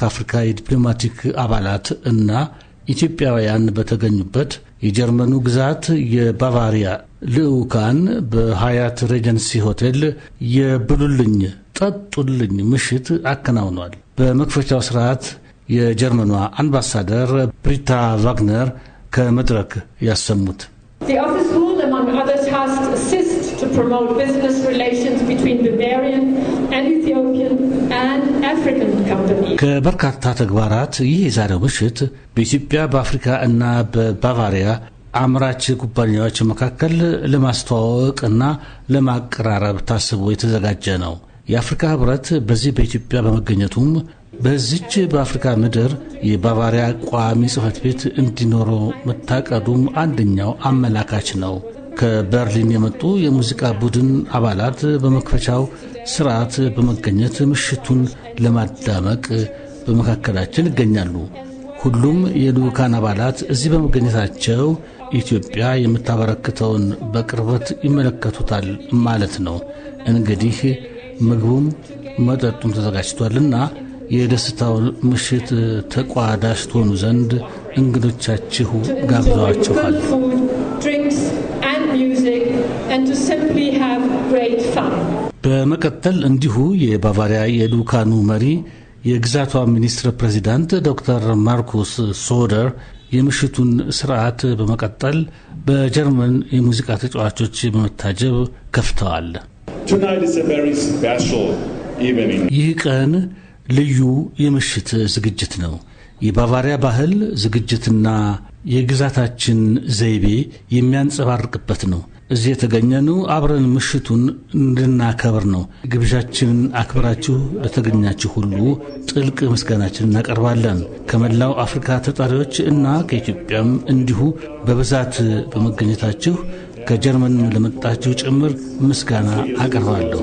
ከአፍሪካ የዲፕሎማቲክ አባላት እና ኢትዮጵያውያን በተገኙበት የጀርመኑ ግዛት የባቫሪያ ልዑካን በሀያት ሬጀንሲ ሆቴል የብሉልኝ ጠጡልኝ ምሽት አከናውኗል። በመክፈቻው ስርዓት የጀርመኗ አምባሳደር ብሪታ ቫግነር ከመድረክ ያሰሙት promote business relations between Bavarian and Ethiopian and African companies። ከበርካታ ተግባራት ይህ የዛሬው ምሽት በኢትዮጵያ በአፍሪካ እና በባቫሪያ አምራች ኩባንያዎች መካከል ለማስተዋወቅ እና ለማቀራረብ ታስቦ የተዘጋጀ ነው። የአፍሪካ ህብረት በዚህ በኢትዮጵያ በመገኘቱም በዚች በአፍሪካ ምድር የባቫሪያ ቋሚ ጽሕፈት ቤት እንዲኖረው መታቀዱም አንደኛው አመላካች ነው። ከበርሊን የመጡ የሙዚቃ ቡድን አባላት በመክፈቻው ስርዓት በመገኘት ምሽቱን ለማዳመቅ በመካከላችን ይገኛሉ። ሁሉም የልዑካን አባላት እዚህ በመገኘታቸው ኢትዮጵያ የምታበረክተውን በቅርበት ይመለከቱታል ማለት ነው። እንግዲህ ምግቡም መጠጡም ተዘጋጅቷልና የደስታውን ምሽት ተቋዳሽ ትሆኑ ዘንድ እንግዶቻችሁ ጋብዘዋችኋል። በመቀጠል እንዲሁ የባቫሪያ የልኡካኑ መሪ የግዛቷ ሚኒስትር ፕሬዚዳንት ዶክተር ማርኩስ ሶደር የምሽቱን ስርዓት በመቀጠል በጀርመን የሙዚቃ ተጫዋቾች በመታጀብ ከፍተዋል። ይህ ቀን ልዩ የምሽት ዝግጅት ነው። የባቫሪያ ባህል ዝግጅትና የግዛታችን ዘይቤ የሚያንጸባርቅበት ነው። እዚህ የተገኘነው አብረን ምሽቱን እንድናከብር ነው። ግብዣችንን አክብራችሁ ለተገኛችሁ ሁሉ ጥልቅ ምስጋናችን እናቀርባለን። ከመላው አፍሪካ ተጠሪዎች እና ከኢትዮጵያም እንዲሁ በብዛት በመገኘታችሁ ከጀርመን ለመጣችሁ ጭምር ምስጋና አቀርባለሁ።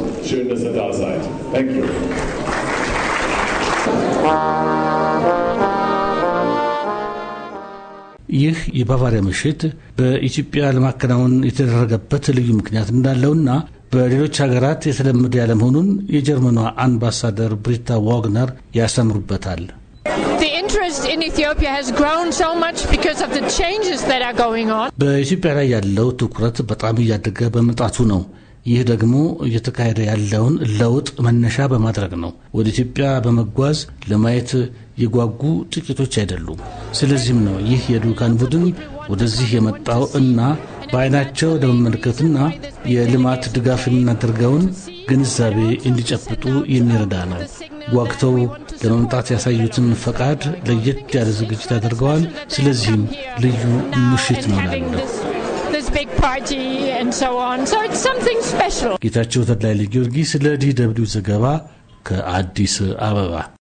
ይህ የባቫሪያ ምሽት በኢትዮጵያ ለማከናወን የተደረገበት ልዩ ምክንያት እንዳለውና በሌሎች ሀገራት የተለመደ ያለመሆኑን የጀርመኗ አምባሳደር ብሪታ ዋግነር ያሰምሩበታል። በኢትዮጵያ ላይ ያለው ትኩረት በጣም እያደገ በመምጣቱ ነው። ይህ ደግሞ እየተካሄደ ያለውን ለውጥ መነሻ በማድረግ ነው። ወደ ኢትዮጵያ በመጓዝ ለማየት የጓጉ ጥቂቶች አይደሉም። ስለዚህም ነው ይህ የዱካን ቡድን ወደዚህ የመጣው እና በዓይናቸው ለመመልከትና የልማት ድጋፍ የምናደርገውን ግንዛቤ እንዲጨብጡ የሚረዳ ነው። ጓግተው ለመምጣት ያሳዩትን ፈቃድ ለየት ያለ ዝግጅት አድርገዋል። ስለዚህም ልዩ ምሽት ነው ላለሁ ጌታቸው ተድላይ ለጊዮርጊስ ለዲ ደብልዩ ዘገባ ከአዲስ አበባ